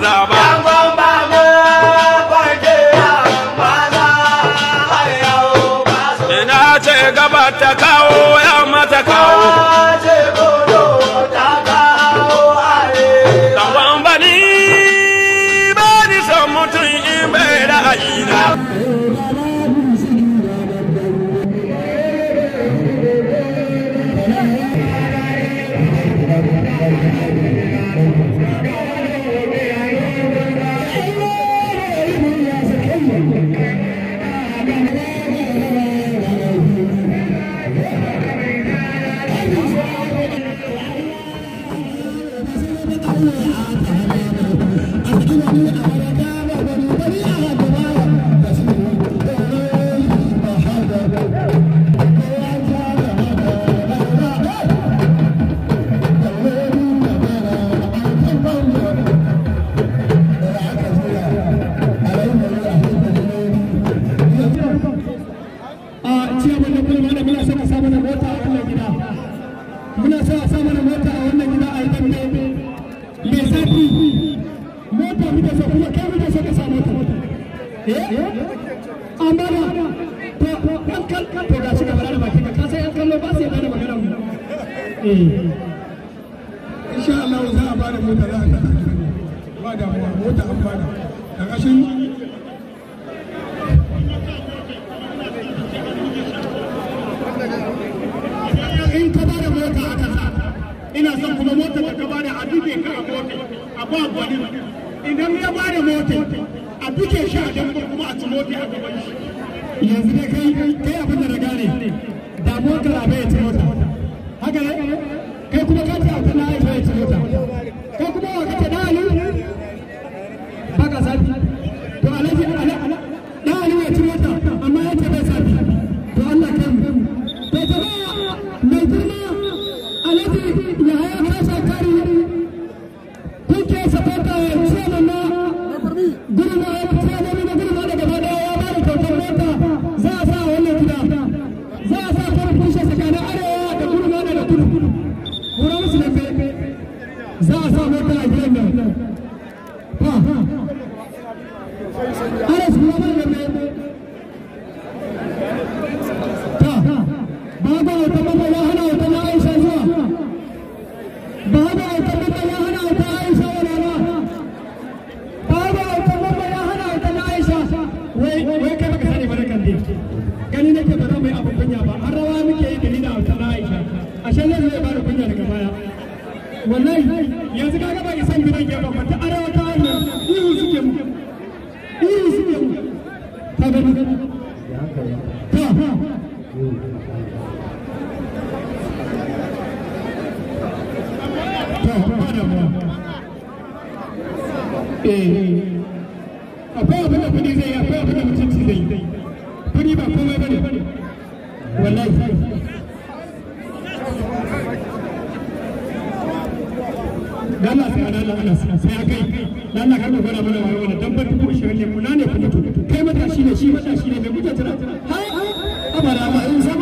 maza ba. Yangon ba yau Ina ce gaba ta kawo yamma ta kawo. Ina ce ni son mutum in bai ra'ayi na. mana mota a wannan gida a yi dambe mai zafi mota so kuma kai so ka eh? amma ba to an kan to da baki ka yan kallo ba bada magana mu eh. insha Allah za a bada mota za a ba mota da ba gwani idan ya ba da a duke shi a dambar kuma a ci mota a gaban shi yanzu dai kai kai abin da na gane da motar abai ya ci mota haka ne kai kuma ka ci za a sa mota a gidan nan ba ana shugaban da mai ta ba da wata mafaya hana wata na aisha zuwa ba da wata mafaya hana wata aisha wa rana ba da wata mafaya hana wata na aisha wai kai baka sani ba na kan dai gani nake ba za mu yi abin kunya ba har rawa muke yi dalilin a wata na aisha ashe zai zai ba da kunya daga baya wallahi yanzu kaga ba isan gidan gefen ba ta arewa ta hanyar ihu suke mu ihu suke mu ta gani ta ta ba da ba eh, eh. akwai abin da kudi zai akwai abin da mutunci zai ina kuma to kai matashi ne shi matashi ne mai mutunta har abara ma in za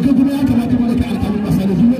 to kai kuma ya kamata mana ka alƙalin masalihu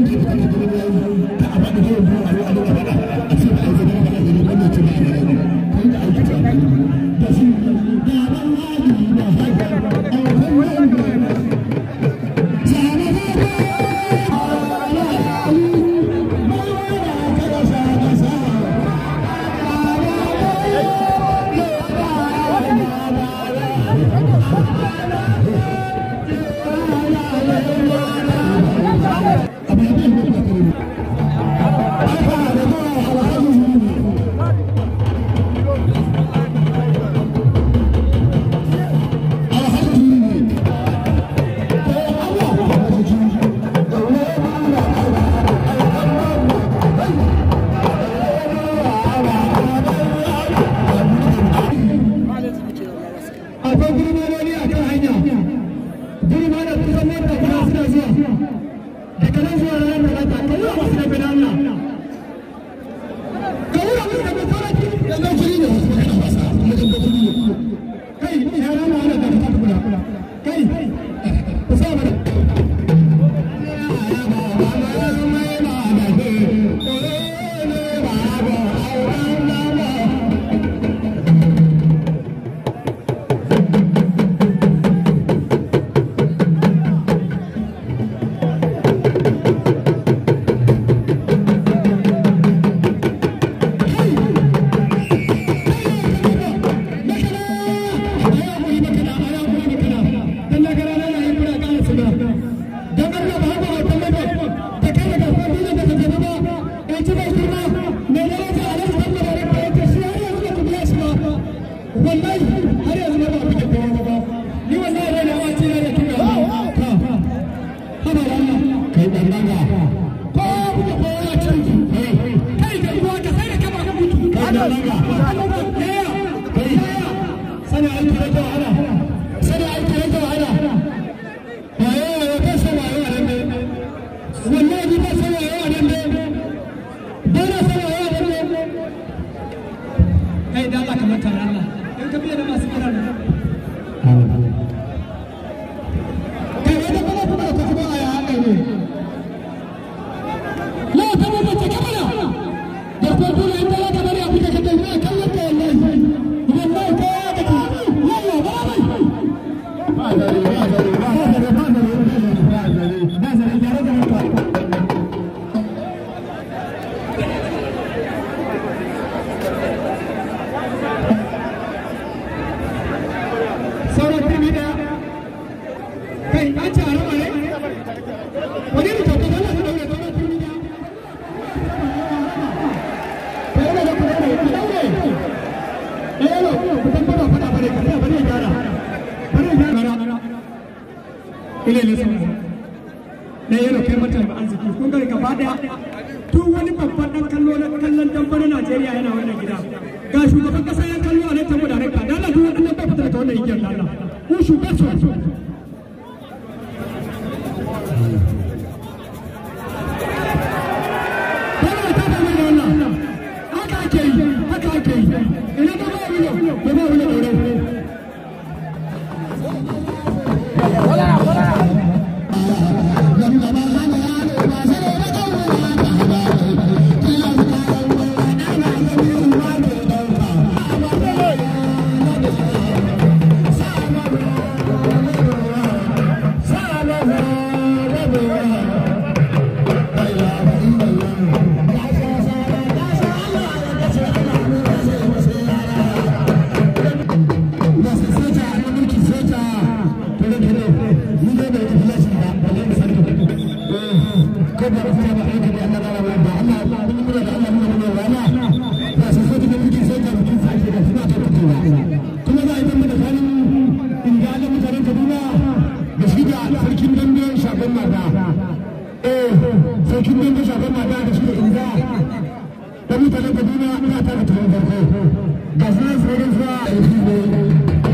ile ne sauran na yana kai mata da arziki kun ga gaba daya duk wani babban dan kallo na kallon dambe na Najeriya yana wannan gida ga shugaban kasa ya kallo a nan tabo da raka dala duk wani dan bai fita da wannan igiyar dala ku shugaban su sarkin dambe shafin mata eh sarkin dambe shafin mata da shi inda da mutanen kaduna ina ta da tunan farko ga sunan sirrin a yi